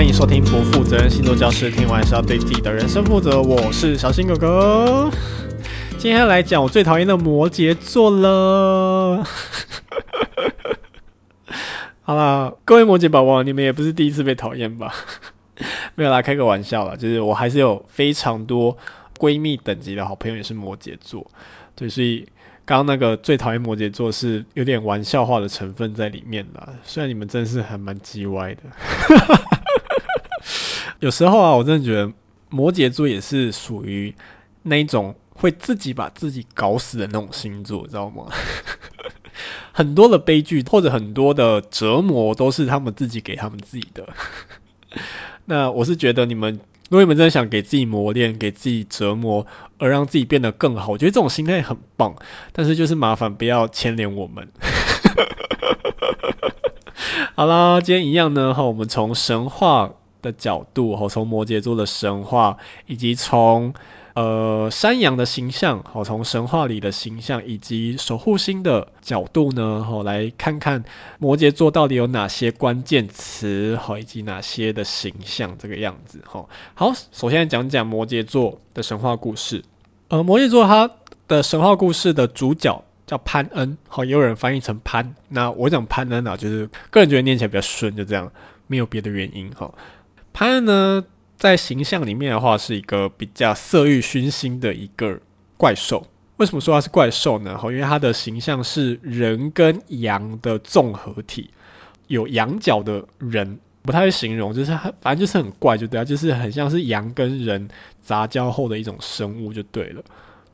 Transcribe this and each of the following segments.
歡迎收聽《不負責任星座教室》，聽完是要對自己的人生負責。我是小新哥哥，今天來講我最討厭的摩羯座了。 好啦，各位摩羯寶寶，你們也不是第一次被討厭吧？沒有啦，來開個玩笑啦。就是我還是有非常多閨蜜等級的好朋友也是摩羯座，對，所以剛剛那個最討厭摩羯座是有點玩笑話的成分在裡面啦。雖然你們真是還蠻機歪的。 有時候啊，我真的覺得摩羯座也是屬於那一種會自己把自己搞死的那種星座，知道嗎？ 很多的悲劇或者很多的折磨都是他們自己給他們自己的。 那我是覺得你們如果你們真的想給自己磨練、給自己折磨而讓自己變得更好，我覺得這種心態很棒。但是就是麻煩不要牽連我們。 好啦，今天一樣呢，齁，我們從神話的角度哈，從摩羯座的神話，以及從呃山羊的形象，哈，從神話裡的形象，以及守護星的角度呢，哈，來看看摩羯座到底有哪些關鍵詞，哈，以及哪些的形象這個樣子，哈，好，首先來講講摩羯座的神話故事，呃，摩羯座它的神話故事的主角叫潘恩，好，也有人翻譯成潘，那我講潘恩啊，就是個人覺得念起來比較順，就這樣，沒有別的原因，哈。潘恩呢，在形象裡面的話，是一個比較色欲燻心的一個怪獸。為什麼說它是怪獸呢？因為它的形象是人跟羊的綜合體，有羊角的人，不太會形容，就是很反正就是很怪，就對啊，就是很像是羊跟人雜交後的一種生物，就對了。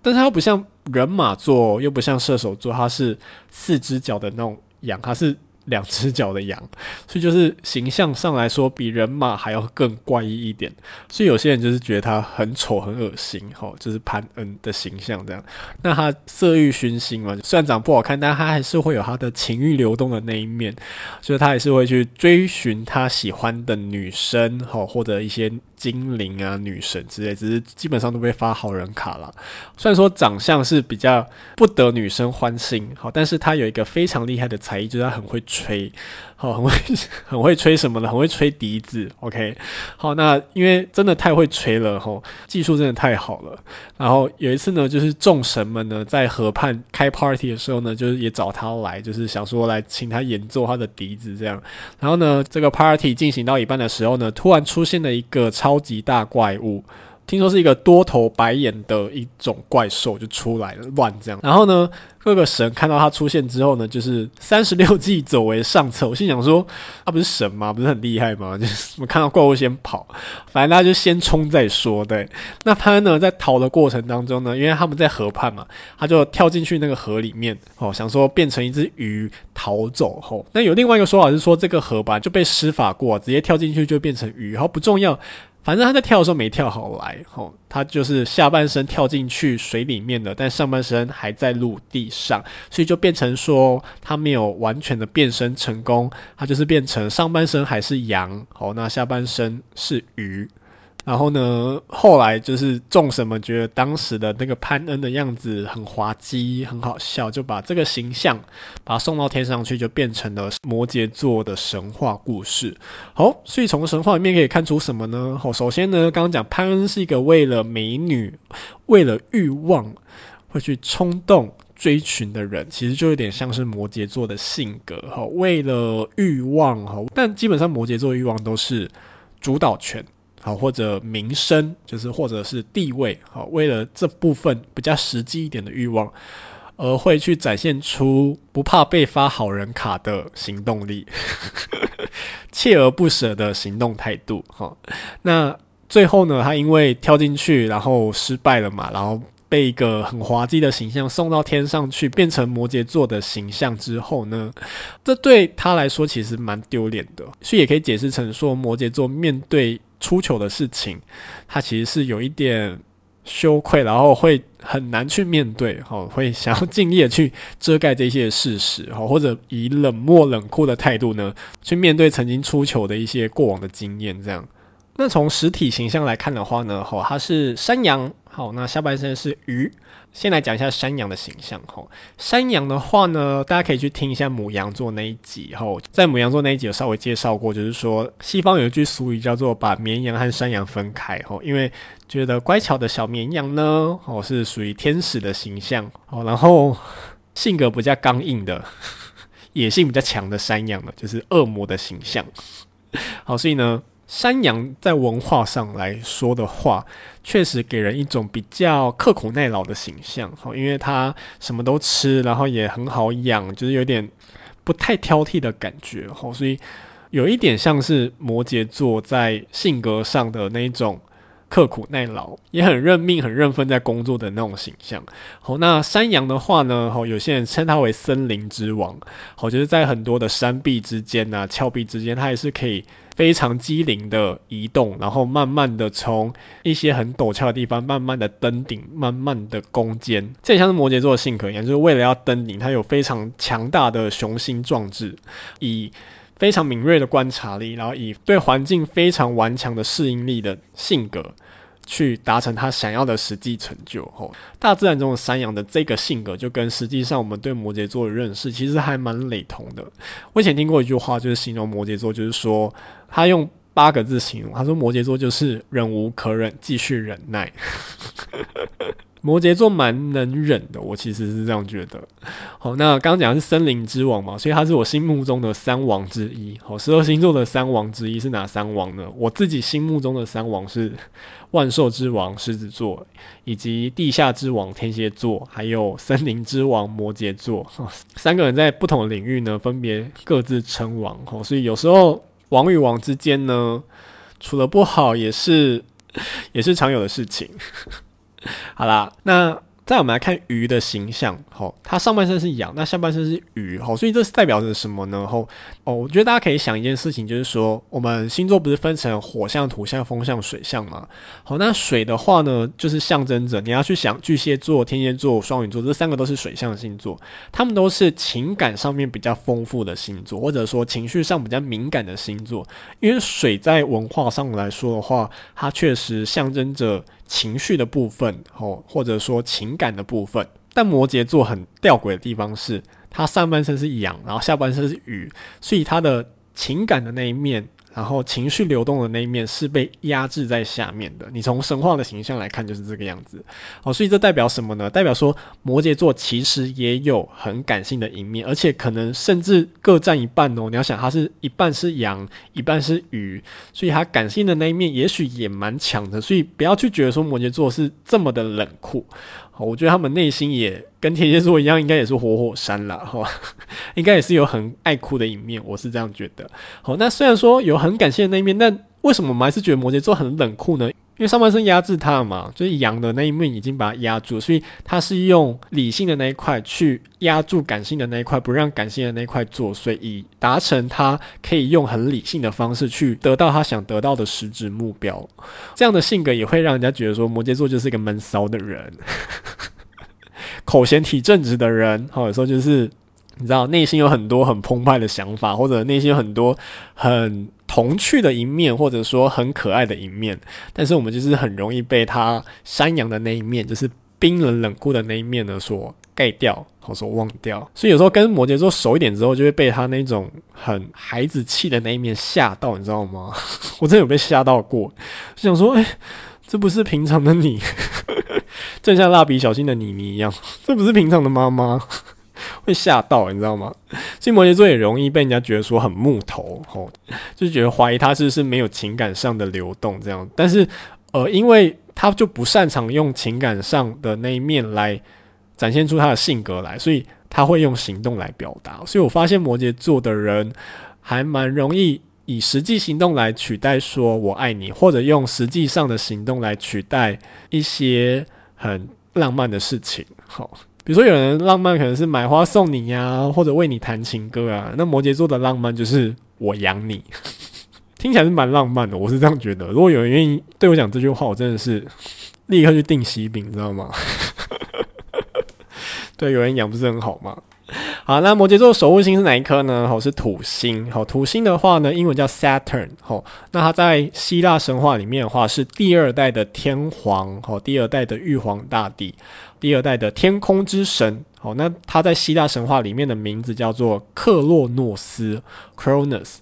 但是它又不像人馬座，又不像射手座，它是四隻腳的那種羊，它是，兩只腳的羊，所以就是形象上來說，比人馬還要更怪異一點。所以有些人就是覺得他很醜、很惡心，吼、哦，就是潘恩的形象這樣。那他色欲燻心嘛，雖然長得不好看，但他還是會有他的情欲流動的那一面，所以他還是會去追尋他喜歡的女生，吼、哦，或者一些。精靈啊，女神之類，只是基本上都被發好人卡了。雖然說長相是比較不得女生歡心，好，但是他有一個非常厲害的才藝，就是他很會吹。哦，很會很會吹什麼的，很會吹笛子。OK，好，那因為真的太會吹了，吼、哦，技術真的太好了。然後有一次呢，就是眾神們呢在河畔開 party 的時候呢，就是也找他來，就是想說來請他演奏他的笛子這樣。然後呢，這個 party 進行到一半的時候呢，突然出現了一個超級大怪物。聽說是一個多頭白眼的一種怪獸，就出來亂這樣，然後呢，各個神看到它出現之後呢，就是三十六計走為上策。我心想說、啊，他不是神嗎？不是很厲害嗎？就是我看到怪物先跑，反正大家就先衝再說，對，那他呢，在逃的過程當中呢，因為他們在河畔嘛、啊，他就跳進去那個河裡面哦、喔，想說變成一隻魚逃走。齁，那有另外一個說法是說，這個河吧就被施法過、啊，直接跳進去就變成魚。好，不重要。反正他在跳的時候沒跳好來，哦，他就是下半身跳進去水裡面的，但上半身還在陸地上，所以就變成說他沒有完全的變身成功，他就是變成上半身還是羊，哦，那下半身是魚。然後呢，後來就是眾神們覺得當時的那個潘恩的樣子很滑稽，很好笑，就把這個形象，把它送到天上去，就變成了摩羯座的神話故事。好，所以從神話裡面可以看出什麼呢？好，首先呢，剛剛講潘恩是一個為了美女、為了欲望會去衝動追尋的人，其實就有點像是摩羯座的性格。哈，為了欲望，哈，但基本上摩羯座的欲望都是主導權。好，或者名聲，就是或者是地位，好，為了這部分比較實際一點的慾望，而會去展現出不怕被發好人卡的行動力，鍥 而不捨的行動態度。好，那最後呢，他因為跳進去，然後失敗了嘛，然後被一個很滑稽的形象送到天上去，變成摩羯座的形象之後呢，這對他來說其實蠻丟臉的，所以也可以解釋成說摩羯座面對。出糗的事情，他其實是有一點羞愧，然後會很難去面對，吼，會想要敬業去遮蓋這些事實，吼，或者以冷漠冷酷的態度呢去面對曾經出糗的一些過往的經驗，這樣。那從實體形象來看的話呢，吼，他是山羊。好，那下半身是魚。先來講一下山羊的形象。吼、哦，山羊的話呢，大家可以去聽一下牡羊座那一集。吼、哦，在牡羊座那一集有稍微介紹過，就是說西方有一句俗語叫做“把綿羊和山羊分開”哦。吼，因為覺得乖巧的小綿羊呢，吼、哦、是屬於天使的形象。哦，然後性格比較剛硬的、野性比較強的山羊呢，就是惡魔的形象。好、哦，所以呢。山羊在文化上來說的話，確實給人一種比較刻苦耐勞的形象，好，因為它什麼都吃，然後也很好養，就是有點不太挑剔的感覺，好，所以有一點像是摩羯座在性格上的那一種刻苦耐勞，也很認命、很認分，在工作的那種形象。好，那山羊的話呢，好，有些人稱它為森林之王，好，就是在很多的山壁之間啊、峭壁之間，它也是可以。非常機靈的移動，然後慢慢的從一些很陡峭的地方，慢慢的登頂，慢慢的攻堅。這也像是摩羯座的性格一樣，也就是為了要登頂，他有非常強大的雄心壯志，以非常敏銳的觀察力，然後以對環境非常頑強的適應力的性格，去達成他想要的實際成就，吼，大自然中的山羊的這個性格，就跟實際上我們對摩羯座的認識，其實還蠻雷同的。我以前聽過一句話，就是形容摩羯座，就是說他用八個字形容，他說摩羯座就是忍無可忍，繼續忍耐。 摩羯座蠻能忍的，我其實是這樣覺得。好，那剛剛講的是森林之王嘛，所以他是我心目中的三王之一。好，十二星座的三王之一是哪三王呢？我自己心目中的三王是萬獸之王獅子座，以及地下之王天蠍座，還有森林之王摩羯座。好，三個人在不同的領域呢，分別各自稱王。好，所以有時候王與王之間呢，處得不好，也是也是常有的事情。好啦，那再我們來看魚的形象，好、哦，它上半身是羊，那下半身是魚，好、哦，所以這是代表着什麼呢？後哦，我覺得大家可以想一件事情，就是說我們星座不是分成火象、土象、風象、水象嗎？好、哦，那水的話呢，就是象徵着你要去想巨蟹座、天蠍座、雙魚座這三個都是水象星座，他們都是情感上面比較豐富的星座，或者說情緒上比較敏感的星座，因為水在文化上來說的話，它確實象徵着。情緒的部分，吼、哦，或者說情感的部分，但摩羯座很吊詭的地方是，它，上半身是羊，然後下半身是魚，所以他的情感的那一面，然後情緒流動的那一面是被壓制在下面的，你從神話的形象來看就是這個樣子。哦，所以這代表什麼呢？代表說摩羯座其實也有很感性的一面，而且可能甚至各佔一半哦。你要想，它是一半是羊，一半是魚，所以它感性的那一面也許也蠻強的。所以不要去覺得說摩羯座是這麼的冷酷。好，我覺得他們內心也跟天蠍座一樣，應該也是活火、火山啦哈，應該也是有很愛哭的一面，我是這樣覺得。好，那雖然說有很感謝的那一面，但為什麼我們還是覺得摩羯座很冷酷呢？因為上半身壓制他嘛，就是陽的那一面已經把他壓住了，所以他是用理性的那一塊去壓住感性的那一塊，不讓感性的那一塊做，所以達成他可以用很理性的方式去得到他想得到的實質目標。這樣的性格也會讓人家覺得說，摩羯座就是一個悶騷的人， 口嫌體正直的人。或有時候就是你知道，內心有很多很澎湃的想法，或者內心有很多很。童趣的一面，或者說很可愛的一面，但是我們就是很容易被他山羊的那一面，就是冰冷冷酷的那一面呢所蓋掉，或說忘掉。所以有時候跟摩羯座熟一點之後，就會被他那種很孩子氣的那一面嚇到，你知道嗎？我真的有被嚇到過，就想說，誒、欸，這不是平常的你， 正像蠟筆小新的妮妮一樣，這不是平常的媽媽。會嚇到，你知道嗎？所以摩羯座也容易被人家覺得說很木頭，吼，就覺得懷疑他是不是沒有情感上的流動這樣。但是，呃，因為他就不擅長用情感上的那一面來展現出他的性格來，所以他會用行動來表達。所以我發現摩羯座的人還蠻容易以實際行動來取代“說我愛你”，或者用實際上的行動來取代一些很浪漫的事情，吼。比如說，有人浪漫可能是買花送你呀、啊，或者為你彈情歌啊。那摩羯座的浪漫就是我養你， 聽起來是蠻浪漫的。我是這樣覺得。如果有人願意對我講這句話，我真的是立刻去訂喜餅，你知道嗎？ 對，有人養不是很好嗎？好，那摩羯座守護星是哪一顆呢？哦，是土星。好，土星的話呢，英文叫 Saturn。哦，那它在希臘神話裡面的話是第二代的天皇，哦，第二代的玉皇大帝，第二代的天空之神。哦，那它在希臘神話裡面的名字叫做克洛諾斯 （Cronus）。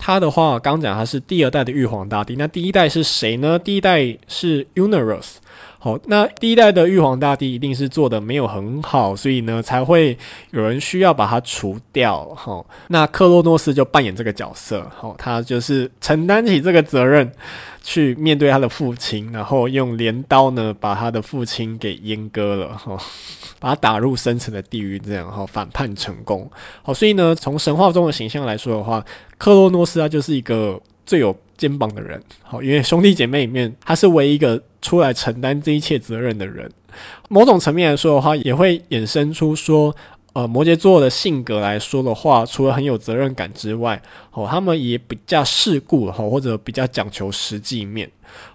它的話剛講它是第二代的玉皇大帝，那第一代是誰呢？第一代是 Uranus。好，那第一代的玉皇大帝一定是做得沒有很好，所以呢才會有人需要把他除掉。哈，那克洛諾斯就扮演這個角色。好，他就是承擔起這個責任，去面對他的父親，然後用鐮刀呢把他的父親給閹割了。哈，把他打入深層的地獄，這樣哈，反叛成功。好，所以呢從神話中的形象來說的話，克洛諾斯他就是一個最有肩膀的人。好，因為兄弟姐妹裡面他是唯一一個。出來承擔這一切責任的人，某種層面來說的話，也會衍生出說，呃，摩羯座的性格來說的話，除了很有責任感之外，哦，他們也比較世故哈、哦，或者比較講求實際面。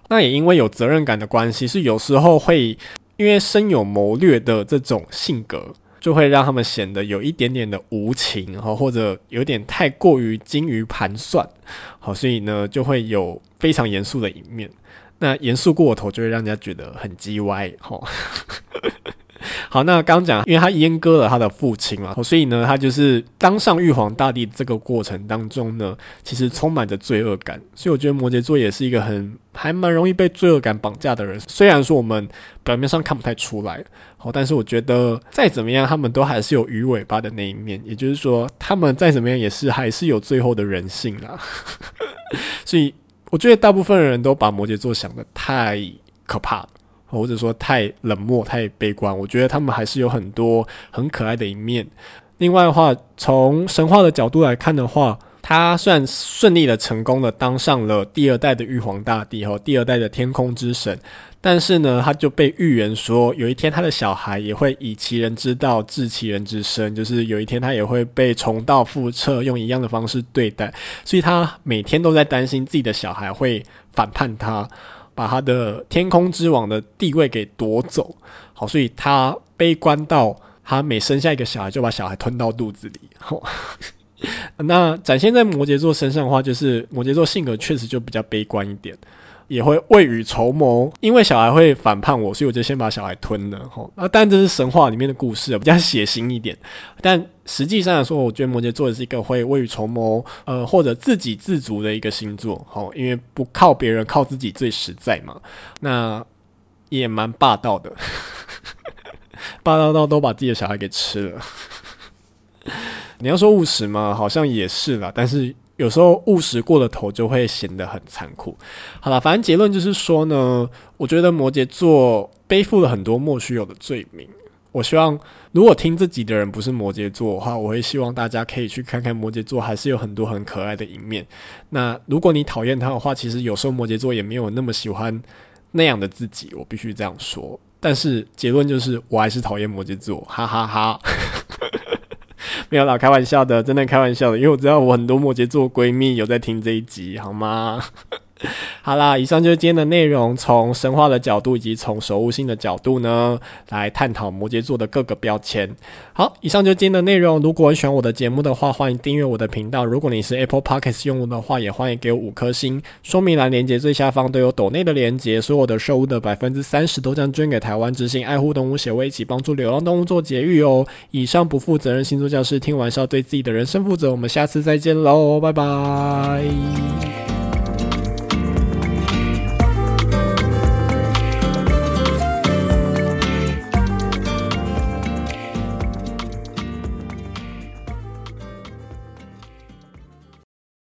那也因為有責任感的關係，是有時候會因為深有謀略的這種性格，就會讓他們顯得有一點點的無情哈、哦，或者有點太過於精於盤算，好、哦，所以呢，就會有非常嚴肅的一面。那嚴肅過頭就會讓人家覺得很機歪，吼。 好，那剛剛講，因為他閹割了他的父親嘛，吼，所以呢，他就是當上玉皇大帝這個過程當中呢，其實充滿着罪惡感。所以我覺得摩羯座也是一個很還蠻容易被罪惡感綁架的人，雖然說我們表面上看不太出來，好，但是我覺得再怎麼樣，他們都還是有魚尾巴的那一面，也就是說，他們再怎麼樣也是還是有最後的人性啦。 所以。我覺得大部分人都把摩羯座想得太可怕，或者說太冷漠，太悲觀。我覺得他們還是有很多很可愛的一面。另外的話，從神話的角度來看的話。他算順利的、成功的當上了第二代的玉皇大帝哈，第二代的天空之神，但是呢，他就被預言說，有一天他的小孩也會以其人之道治其人之身，就是有一天他也會被重蹈覆轍，用一樣的方式對待，所以他每天都在擔心自己的小孩會反叛他，把他的天空之王的地位給奪走。好，所以他悲觀到，他每生下一個小孩，就把小孩吞到肚子裡。呃、那展現在摩羯座身上的話，就是摩羯座性格確實就比較悲觀一點，也會未雨綢繆，因為小孩會反叛我，所以我就先把小孩吞了。吼、哦，那當然這是神話裡面的故事，比較血腥一點。但實際上來說，我覺得摩羯座也是一個會未雨綢繆，呃，或者自給自足的一個星座。吼、哦，因為不靠別人，靠自己最實在嘛。那也蠻霸道的， 霸道到都把自己的小孩給吃了。你要說務實嘛，好像也是啦。但是有時候務實過了頭就會顯得很殘酷。好啦，反正結論就是說呢，我覺得摩羯座背負了很多莫須有的罪名。我希望如果聽自己的人不是摩羯座的話，我會希望大家可以去看看摩羯座還是有很多很可愛的一面。那如果你討厭他的話，其實有時候摩羯座也沒有那麼喜歡那樣的自己，我必須這樣說。但是結論就是，我還是討厭摩羯座，哈哈哈哈。沒有啦，開玩笑的，真的開玩笑的，因為我知道我很多摩羯座閨蜜有在聽這一集，好嗎？ 好啦，以上就是今天的內容，從神話的角度以及從守護星的角度呢，來探討摩羯座的各個標籤。好，以上就是今天的內容。如果喜歡我的節目的話，歡迎訂閱我的頻道。如果你是 Apple Podcast 用戶的話，也歡迎給我五顆星。說明欄連結最下方都有抖內的連結，所有的收入的百分之三十都將捐給台灣之心愛護動物協會，一起幫助流浪動物做節育哦。以上不負責任星座教室，聽完是要對自己的人生負責。我們下次再見嘍，拜拜。